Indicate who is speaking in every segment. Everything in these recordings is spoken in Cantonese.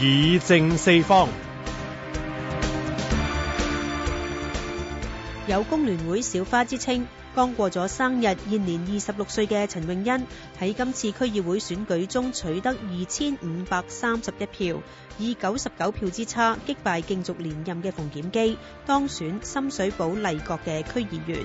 Speaker 1: 議政四方。有工聯會小花之稱，剛過咗生日，現年二十六歲嘅陳穎欣，喺今次區議會選舉中取得二千五百三十一票，以九十九票之差擊敗競逐連任嘅馮檢基，當選深水埗麗閣嘅區議員。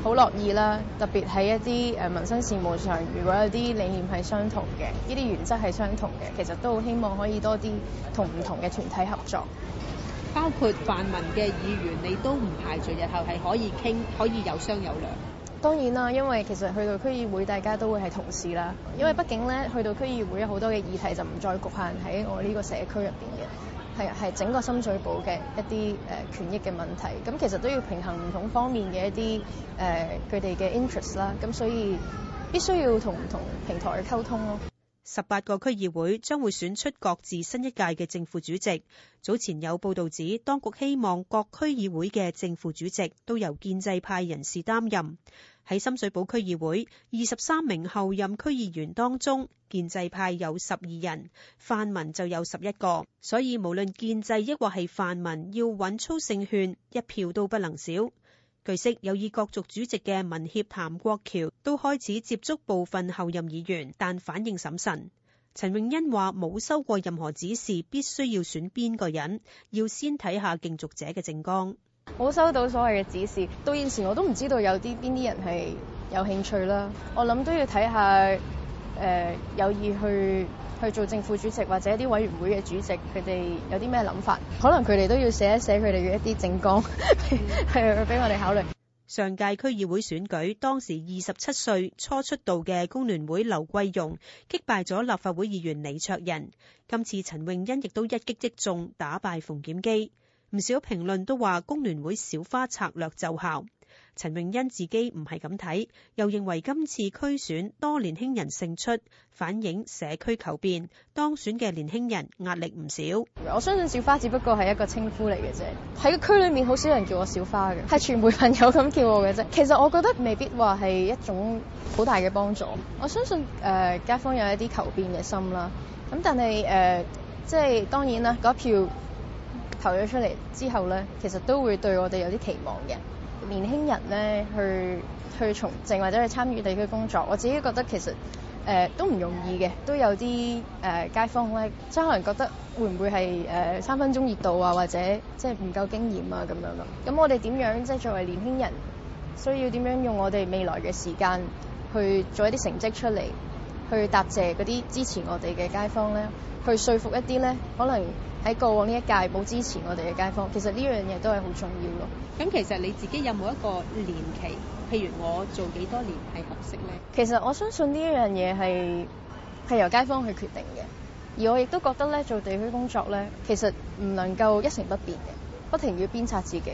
Speaker 2: 好樂意啦，特別喺一啲誒民生事務上，如果有啲理念係相同嘅，呢啲原則係相同嘅，其實都好希望可以多啲同唔同嘅團體合作，包括泛民嘅議
Speaker 1: 員，你都唔排除日後係可以傾，可以有商有量。
Speaker 2: 當然啦，因為其實去到區議會，大家都會係同事啦，因為畢竟咧，去到區議會有好多嘅議題就唔再局限喺我呢個社區入邊嘅。係，係整個深水埗嘅一啲誒權益嘅問題，咁其實都要平衡唔同方面嘅一啲誒佢哋嘅 interest 啦，咁所以必須要同唔同平台去溝通咯。
Speaker 1: 十八個區議會將會選出各自新一屆嘅正副主席。早前有報道指，當局希望各區議會嘅正副主席都由建制派人士擔任。喺深水埗區議會，二十三名候任區議員當中，建制派有十二人，泛民就有十一個。所以無論建制抑或係泛民，要穩操勝券，一票都不能少。據悉，有意國族主席嘅民協譚國僑都開始接觸部分候任議員，但反應審慎。陳穎欣話冇收過任何指示，必須要選邊個人，要先睇下競逐者嘅政綱。
Speaker 2: 冇收到所謂嘅指示，到現時我都唔知道有啲邊啲人係有興趣啦。我諗都要睇下。誒、呃、有意去去做政府主席
Speaker 1: 或者一啲委員會嘅主席，佢哋有啲咩諗法？
Speaker 2: 可能佢哋都要寫一寫，佢哋嘅一啲政
Speaker 1: 綱， 係俾我哋考慮。上屆區議會選舉，當時二十七歲初出道嘅工聯會劉桂容擊敗咗立法會議員李卓人，今次陳穎欣亦都一擊即中，打敗馮檢基。唔少評論都話工聯會小花策略奏效。陳穎欣自己唔係咁睇，又認為今次區選多年輕人勝出，反映社區求變，當選嘅年輕人壓力唔少。
Speaker 2: 我相信小花只不過係一個稱呼嚟嘅啫，
Speaker 1: 喺個區裏面
Speaker 2: 好少人叫我小花嘅，係傳媒朋友咁叫我嘅啫。其實我覺得未必話係一種好大嘅幫助。我相信誒，街坊有一啲求變嘅心啦。咁但係誒，即係當然啦，嗰票投咗出嚟之後咧，其實都會對我哋有啲期望嘅。年輕人咧，去去從政或者去參與地區工作，我自己覺得其實誒、呃、都唔容易嘅，都有啲誒、呃、街坊咧，即係可能覺得會唔會係誒、呃、三分鐘熱度啊，或者即係唔夠經驗啊咁樣咯。咁我哋點樣即係作為年輕人，需要點樣用我哋未來嘅時間去做一啲成績出嚟？去答謝嗰啲支持我哋嘅街坊咧，去說服一啲咧，可能喺過往呢一屆冇支持我哋嘅街坊，其實呢樣嘢都係好重
Speaker 1: 要咯。咁其實你自己有冇一個年期，譬如我做幾多年係合適咧？
Speaker 2: 其實我相信呢樣嘢係係由街坊去決定嘅，而我亦都覺得咧，做地區工作咧，其實唔能夠一成不變嘅，不停要鞭策自己。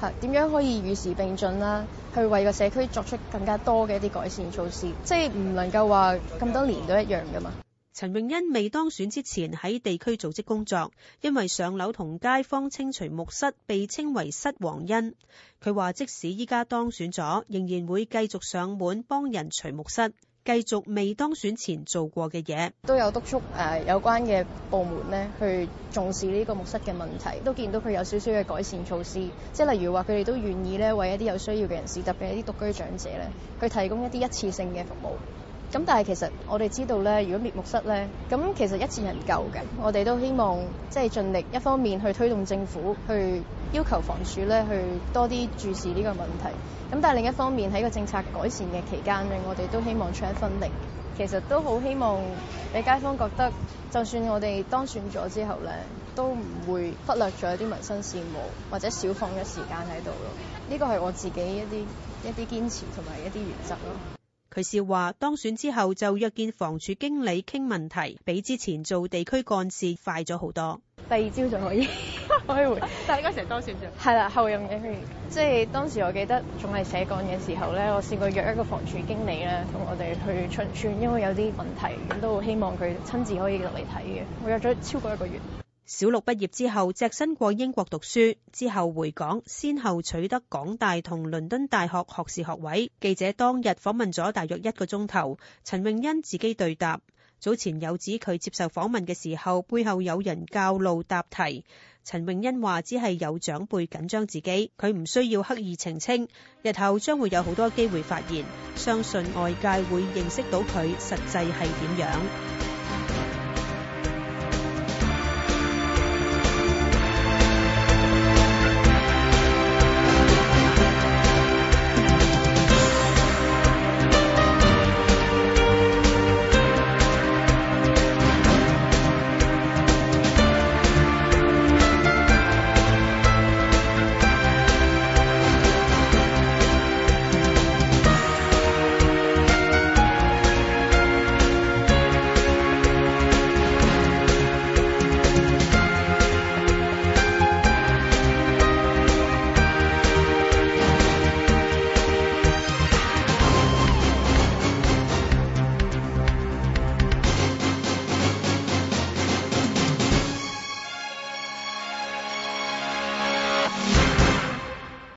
Speaker 2: 嚇點樣可以與時並進啦，去為個社區作出更加多嘅一啲改
Speaker 1: 善措施，即係唔能夠話咁多年都一樣噶嘛。陳穎欣未當選之前喺地區組織工作，因為上樓同街坊清除木虱，被稱為虱王欣。佢話即使依家當選咗，仍然會繼續上門幫人除木虱。繼續未當選前做過嘅嘢，都有督促誒，有關
Speaker 2: 嘅部門咧去重視呢個木蝨嘅問題。都見到佢有少少嘅改善措施，即係例如話佢哋都願意咧為一啲有需要嘅人士，特別係一啲獨居長者咧，去提供一啲一次性嘅服務。咁但係其實我哋知道咧，如果滅木室咧，咁其實一次人唔夠嘅。我哋都希望即係盡力一方面去推動政府去要求房署咧去多啲注視呢個問題。咁但係另一方面喺個政策改善嘅期間咧，我哋都希望出一分力。其實都好希望俾街坊覺得，就算我哋當選咗之後咧，都唔會忽略咗一啲民生事務，或者少放咗時間喺度咯。呢個係我自己一啲一啲堅持同埋一啲原則咯。
Speaker 1: 佢笑話，當選之後就約見房署經理傾問題，比之前做地區幹事快咗好多。第二朝就可以開會， 可以回 但係應該成日當選啫。係啦，
Speaker 2: 後任嘅佢，即係當時我記得仲係寫幹嘅時候咧，我試過約一個房署經理咧，同我哋去巡村，因為有啲問題，咁都希望佢親自可以落嚟睇嘅。我約咗超過一個月。
Speaker 1: 小六畢業之後，隻身過英國讀書，之後回港，先後取得港大同倫敦大學學士學位。記者當日訪問咗大約一個鐘頭，陳穎欣自己對答。早前有指佢接受訪問嘅時候，背後有人教路答題。陳穎欣話，只係有長輩緊張自己，佢唔需要刻意澄清。日後將會有好多機會發言，相信外界會認識到佢實際係點樣。